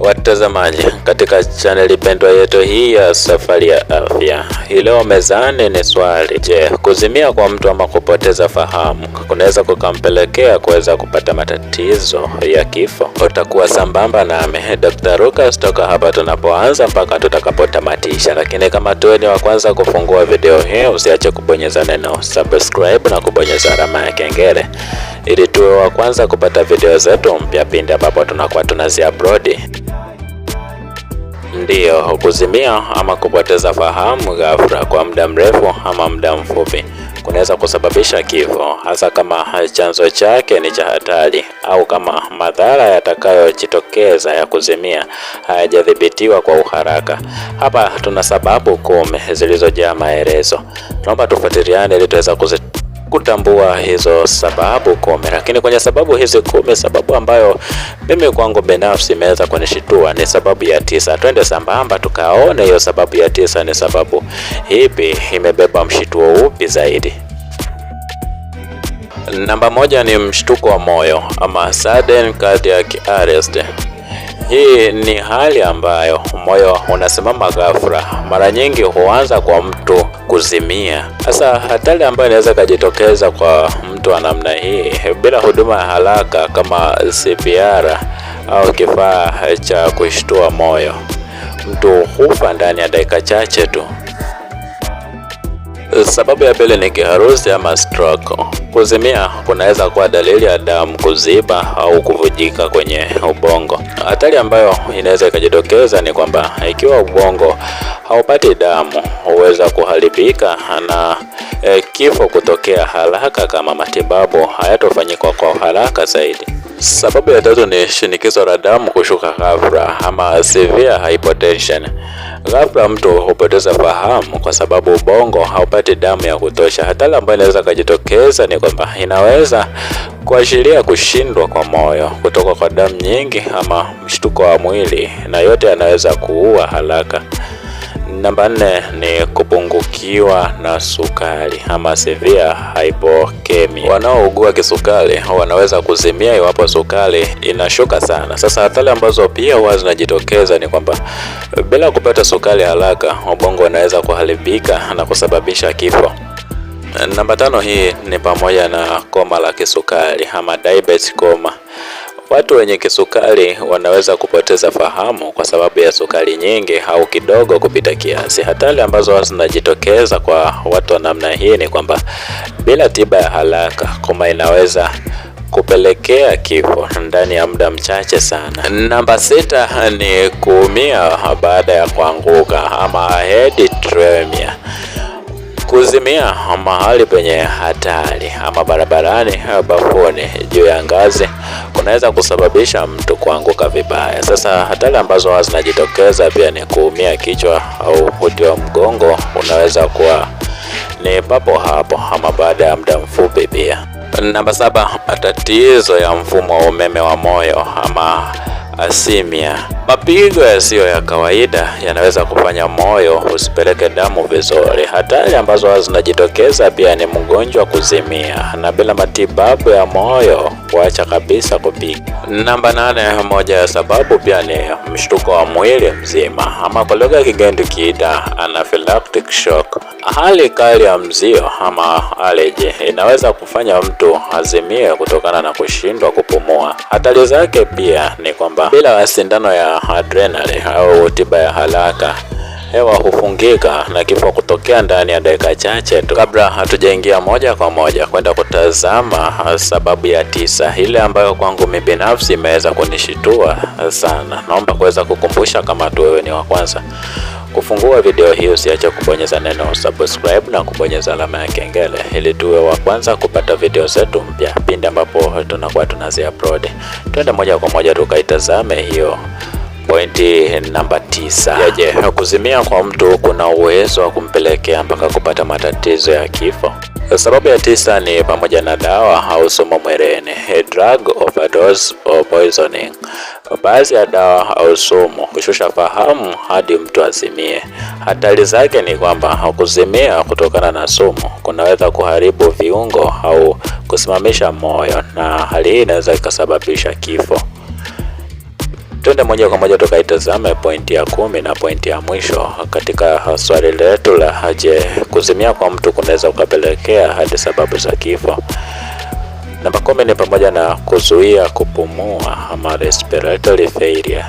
Watazamaji katika chaneli pendwa yetu hii ya Safari ya Afya, hii leo mezani ni swali: je, kuzimia kwa mtu ama kupoteza fahamu kunaweza kukampelekea kuweza kupata matatizo ya kifo? Utakuwa sambamba nami Dr. Lucas toka hapa tunapoanza mpaka tutakapotamatisha, lakini kama tuwe ni wa kwanza kufungua video hii, usiache kubonyeza neno subscribe na kubonyeza alama ya kengele ili tuwe wa kwanza kupata video zetu mpya pindi ambapo tunakuwa tunazi upload. Ndiyo, kuzimia ama kupoteza fahamu ghafla kwa muda mrefu ama muda mfupi kunaweza kusababisha kifo, hasa kama chanzo chake ni cha hatari au kama madhara yatakayojitokeza ya kuzimia hayajadhibitiwa kwa uharaka. Hapa tuna sababu kumi zilizojaa maelezo. Naomba tufuatiliane ili tuweza kutambua hizo sababu kumi. Lakini kwenye sababu hizi kumi, sababu ambayo mimi kwangu binafsi imeweza kunishitua ni sababu ya tisa. Twende sambamba tukaone hiyo sababu ya tisa ni sababu ipi, imebeba mshituo upi zaidi? Namba moja ni mshtuko wa moyo ama sudden cardiac arrest. Hii ni hali ambayo moyo unasimama ghafla, mara nyingi huanza kwa mtu kuzimia. Sasa hatari ambayo inaweza kujitokeza kwa mtu wa namna hii bila huduma ya haraka kama CPR au kifaa cha kushtua moyo, mtu hufa ndani ya dakika chache tu. Eh, sababu ya pili ni kiharusi ama stroke. Kuzimia kunaweza kuwa dalili ya damu kuziba au kuvujika kwenye ubongo. Hatari ambayo inaweza ikajitokeza ni kwamba ikiwa ubongo haupati damu huweza kuharibika na e, kifo kutokea haraka kama matibabu hayatofanyika kwa haraka zaidi. Sababu ya tatu ni shinikizo la damu kushuka ghafla ama severe hypotension. Ghafla mtu hupoteza fahamu kwa sababu ubongo haupati damu ya kutosha. Hatari ambayo inaweza kujitokeza ni kwamba inaweza kuashiria kushindwa kwa moyo, kutoka kwa damu nyingi ama mshtuko wa mwili, na yote yanaweza kuua haraka. Namba nne ni kupungukiwa na sukari ama severe hypokemia. Wanaougua kisukari wanaweza kuzimia iwapo sukari inashuka sana. Sasa hatari ambazo pia huwa zinajitokeza ni kwamba bila kupata sukari haraka, ubongo unaweza kuharibika na kusababisha kifo. Namba tano, hii ni pamoja na koma la kisukari ama diabetes coma. Watu wenye kisukari wanaweza kupoteza fahamu kwa sababu ya sukari nyingi au kidogo kupita kiasi. Hatari ambazo zinajitokeza kwa watu wa namna hii ni kwamba bila tiba ya haraka, koma inaweza kupelekea kifo ndani ya muda mchache sana. Namba sita ni kuumia baada ya kuanguka ama headitremia kuzimia mahali penye hatari ama barabarani, bafuni, juu ya ngazi, unaweza kusababisha mtu kuanguka vibaya. Sasa hatari ambazo huwa zinajitokeza pia ni kuumia kichwa au uti wa mgongo unaweza kuwa ni papo hapo ama baada ya muda mfupi pia. Namba saba, matatizo ya mfumo wa umeme wa moyo ama asimia. Mapigo yasiyo ya kawaida yanaweza kufanya moyo usipeleke damu vizuri. Hatari ambazo zinajitokeza pia ni mgonjwa kuzimia, na bila matibabu ya moyo kuacha kabisa kupika. Namba nane, moja ya sababu pia ni mshtuko wa mwili mzima ama kwa lugha ya kigeni tukiita anaphylactic shock. Hali kali ya mzio ama allergy inaweza kufanya mtu azimie kutokana na kushindwa kupumua. Hatari zake pia ni kwamba bila sindano ya adrenaline au tiba ya haraka hewa hufungika na kifo kutokea ndani ya dakika chache tu. Kabla hatujaingia moja kwa moja kwenda kutazama sababu ya tisa, ile ambayo kwangu mimi binafsi imeweza kunishitua sana, naomba kuweza kukumbusha, kama tu wewe ni wa kwanza kufungua video hii, usiache kubonyeza neno subscribe na kubonyeza alama ya kengele ili tuwe wa kwanza kupata video zetu mpya pindi ambapo tunakuwa tunazi upload. Twende moja kwa moja tukaitazame hiyo Pointi namba tisa. Yeje, kuzimia kwa mtu kuna uwezo wa kumpelekea mpaka kupata matatizo ya kifo. Sababu ya tisa ni pamoja na dawa au sumu mwilini, drug overdose or poisoning. Baadhi ya dawa au sumu kushusha fahamu hadi mtu azimie. Hatari zake ni kwamba kuzimia kutokana na sumu kunaweza kuharibu viungo au kusimamisha moyo, na hali hii inaweza ikasababisha kifo. Tuende moja kwa moja tukaitazame pointi ya kumi na pointi ya mwisho katika swali letu la haje, kuzimia kwa mtu kunaweza kukapelekea hadi sababu za kifo? Namba kumi ni pamoja na kuzuia kupumua ama respiratory failure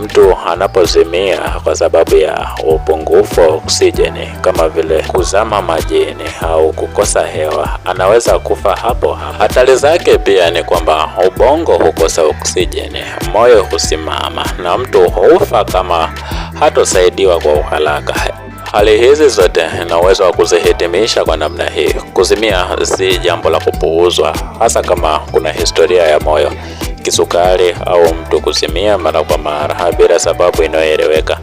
mtu anapozimia kwa sababu ya upungufu wa oksijeni kama vile kuzama majini au kukosa hewa, anaweza kufa hapo hapo. Hatari zake pia ni kwamba ubongo hukosa oksijeni, moyo husimama na mtu hufa kama hatosaidiwa kwa uharaka. Hali hizi zote na uwezo wa kuzihitimisha kwa namna hii. Kuzimia si jambo la kupuuzwa, hasa kama kuna historia ya moyo kisukari au mtu kuzimia mara kwa mara bila sababu inayoeleweka.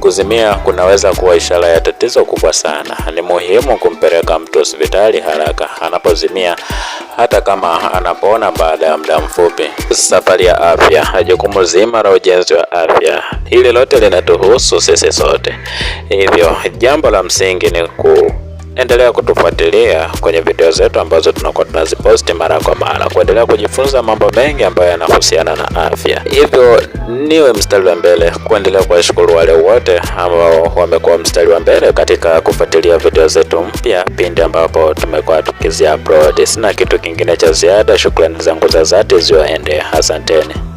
Kuzimia kunaweza kuwa ishara ya tatizo kubwa sana. Ni muhimu kumpeleka mtu hospitali haraka anapozimia, hata kama anapona baada ya muda mfupi. Safari ya afya, jukumu zima la ujenzi wa afya, hili lote linatuhusu sisi sote, hivyo jambo la msingi ni ku Endelea kutufuatilia kwenye video zetu ambazo tunakuwa tunaziposti mara kwa mara kuendelea kujifunza mambo mengi ambayo yanahusiana na afya. Hivyo niwe mstari wa mbele kuendelea kuwashukuru wale wote ambao wamekuwa mstari wa mbele katika kufuatilia video zetu mpya pindi ambapo tumekuwa tukizia upload. Sina kitu kingine cha ziada, shukrani zangu za dhati ziwaende. Asanteni.